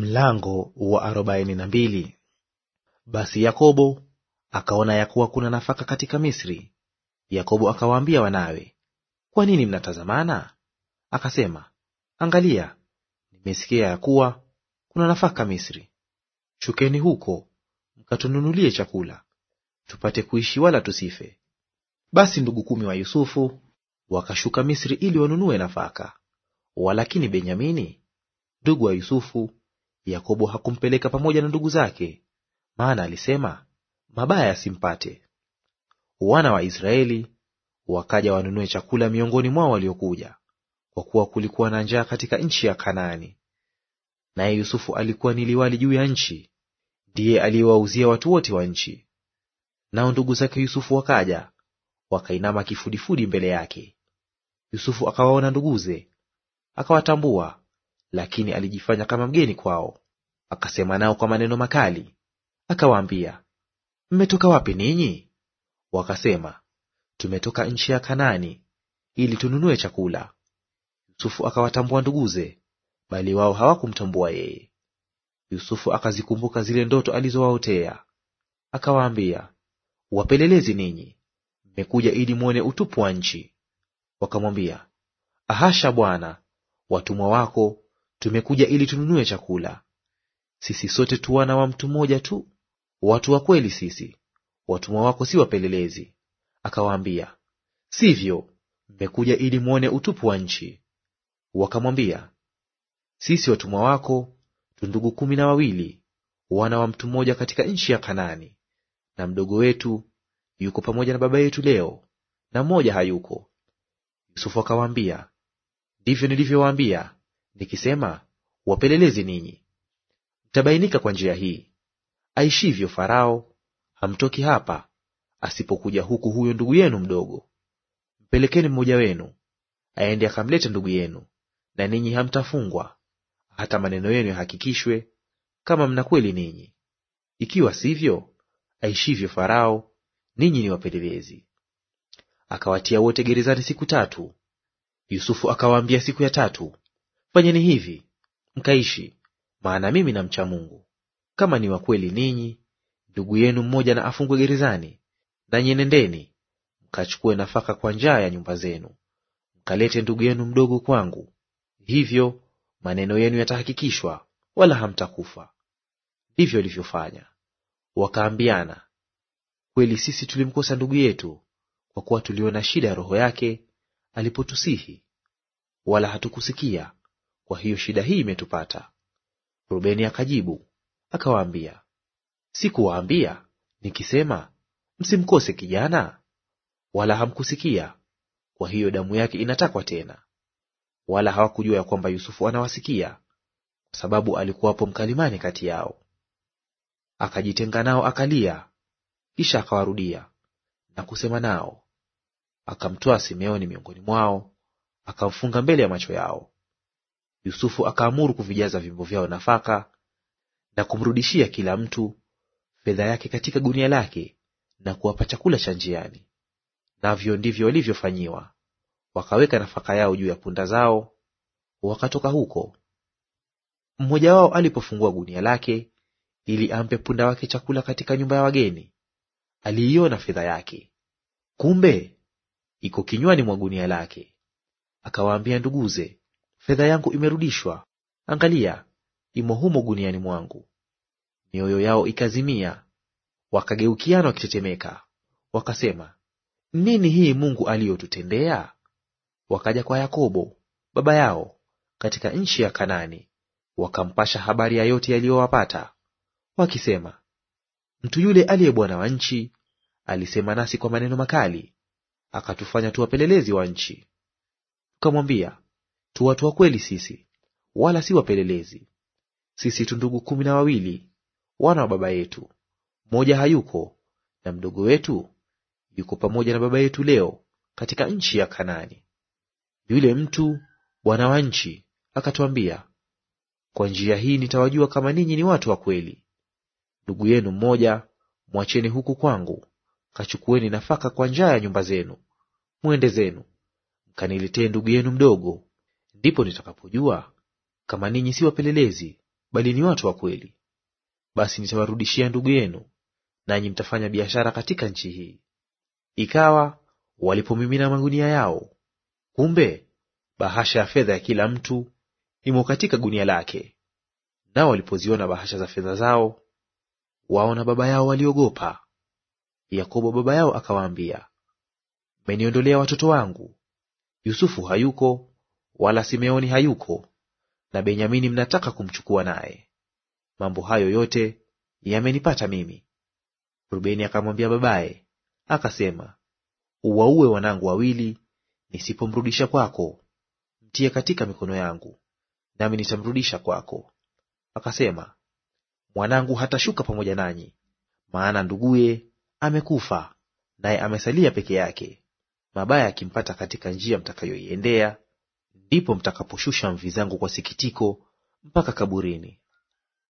Mlango wa arobaini na mbili. Basi Yakobo akaona ya kuwa kuna nafaka katika Misri. Yakobo akawaambia wanawe, kwa nini mnatazamana? Akasema, angalia, nimesikia ya kuwa kuna nafaka Misri. Shukeni huko mkatununulie chakula, tupate kuishi, wala tusife. Basi ndugu kumi wa Yusufu wakashuka Misri ili wanunue nafaka. Walakini Benyamini ndugu wa Yusufu Yakobo hakumpeleka pamoja na ndugu zake, maana alisema, mabaya yasimpate. Wana wa Israeli wakaja wanunue chakula miongoni mwao waliokuja, kwa kuwa kulikuwa na njaa katika nchi ya Kanaani. Naye Yusufu alikuwa ni liwali juu ya nchi, ndiye aliyewauzia watu wote wa nchi. Nao ndugu zake Yusufu wakaja wakainama kifudifudi mbele yake. Yusufu akawaona nduguze, akawatambua, lakini alijifanya kama mgeni kwao, akasema nao kwa maneno makali, akawaambia, mmetoka wapi ninyi? Wakasema, tumetoka nchi ya Kanaani ili tununue chakula. Yusufu akawatambua nduguze, bali wao hawakumtambua yeye. Yusufu akazikumbuka zile ndoto alizowaotea, akawaambia, wapelelezi ninyi, mmekuja ili mwone utupu wa nchi. Wakamwambia, ahasha bwana, watumwa wako tumekuja ili tununue chakula. Sisi sote tu wana wa mtu mmoja tu, watu wa kweli sisi, watumwa wako si wapelelezi. Akawaambia, sivyo, mmekuja ili mwone utupu wa nchi. Wakamwambia, sisi watumwa wako tu ndugu kumi na wawili, wana wa mtu mmoja katika nchi ya Kanaani, na mdogo wetu yuko pamoja na baba yetu leo, na mmoja hayuko. Yusufu akawaambia, ndivyo nilivyowaambia, nikisema, wapelelezi ninyi. Mtabainika kwa njia hii. Aishivyo Farao, hamtoki hapa, asipokuja huku huyo ndugu yenu mdogo. Mpelekeni mmoja wenu aende akamlete ndugu yenu, na ninyi hamtafungwa, hata maneno yenu yahakikishwe, kama mna kweli ninyi. Ikiwa sivyo, aishivyo Farao, ninyi ni wapelelezi. Akawatia wote gerezani siku tatu. Yusufu akawaambia siku ya tatu, Fanyeni hivi mkaishi, maana mimi namcha Mungu. Kama ni wa kweli ninyi, ndugu yenu mmoja na afungwe gerezani, nanyi nendeni mkachukue nafaka kwa njaa ya nyumba zenu, mkalete ndugu yenu mdogo kwangu; hivyo maneno yenu yatahakikishwa, wala hamtakufa. Ndivyo alivyofanya. Wakaambiana, kweli sisi tulimkosa ndugu yetu, kwa kuwa tuliona shida ya roho yake alipotusihi, wala hatukusikia kwa hiyo shida hii imetupata. Rubeni akajibu akawaambia, sikuwaambia nikisema, msimkose kijana? Wala hamkusikia, kwa hiyo damu yake inatakwa tena. Wala hawakujua ya kwamba Yusufu anawasikia, kwa sababu alikuwapo mkalimani kati yao. Akajitenga nao akalia, kisha akawarudia na kusema nao. Akamtoa Simeoni miongoni mwao, akamfunga mbele ya macho yao. Yusufu akaamuru kuvijaza vyombo vyao nafaka na kumrudishia kila mtu fedha yake katika gunia lake na kuwapa chakula cha njiani. Navyo ndivyo walivyofanyiwa. Wakaweka nafaka yao juu ya punda zao, wakatoka huko. Mmoja wao alipofungua gunia lake ili ampe punda wake chakula katika nyumba ya wageni, aliiona fedha yake, kumbe iko kinywani mwa gunia lake. Akawaambia nduguze, fedha yangu imerudishwa, angalia, imo humo guniani mwangu. Mioyo yao ikazimia, wakageukiana wakitetemeka, wakasema, nini hii Mungu aliyotutendea? Wakaja kwa Yakobo baba yao katika nchi ya kanani wakampasha habari ya yote yaliyowapata, wakisema, mtu yule aliye bwana wa nchi alisema nasi kwa maneno makali, akatufanya tuwapelelezi wa nchi. Tukamwambia, tu watu wa kweli sisi, wala si wapelelezi. Sisi tu ndugu kumi na wawili, wana wa baba yetu; mmoja hayuko, na mdogo wetu yuko pamoja na baba yetu leo katika nchi ya Kanaani. Yule mtu bwana wa nchi akatwambia, kwa njia hii nitawajua kama ninyi ni watu wa kweli. Ndugu yenu mmoja mwacheni huku kwangu, kachukueni nafaka kwa njaa ya nyumba zenu, mwende zenu, mkaniletee ndugu yenu mdogo ndipo nitakapojua kama ninyi si wapelelezi, bali ni watu wa kweli. Basi nitawarudishia ndugu yenu, nanyi mtafanya biashara katika nchi hii. Ikawa walipomimina magunia yao, kumbe bahasha ya fedha ya kila mtu imo katika gunia lake. Nao walipoziona bahasha za fedha zao, wao na baba yao waliogopa. Yakobo baba yao akawaambia, mmeniondolea watoto wangu, Yusufu hayuko wala Simeoni hayuko, na Benyamini mnataka kumchukua naye. Mambo hayo yote yamenipata mimi. Rubeni akamwambia babaye akasema, uwaue wanangu wawili, nisipomrudisha kwako; mtie katika mikono yangu, nami nitamrudisha kwako. Akasema, mwanangu hatashuka pamoja nanyi, maana nduguye amekufa, naye amesalia peke yake; mabaya akimpata katika njia mtakayoiendea, ndipo mtakaposhusha mvi zangu kwa sikitiko mpaka kaburini.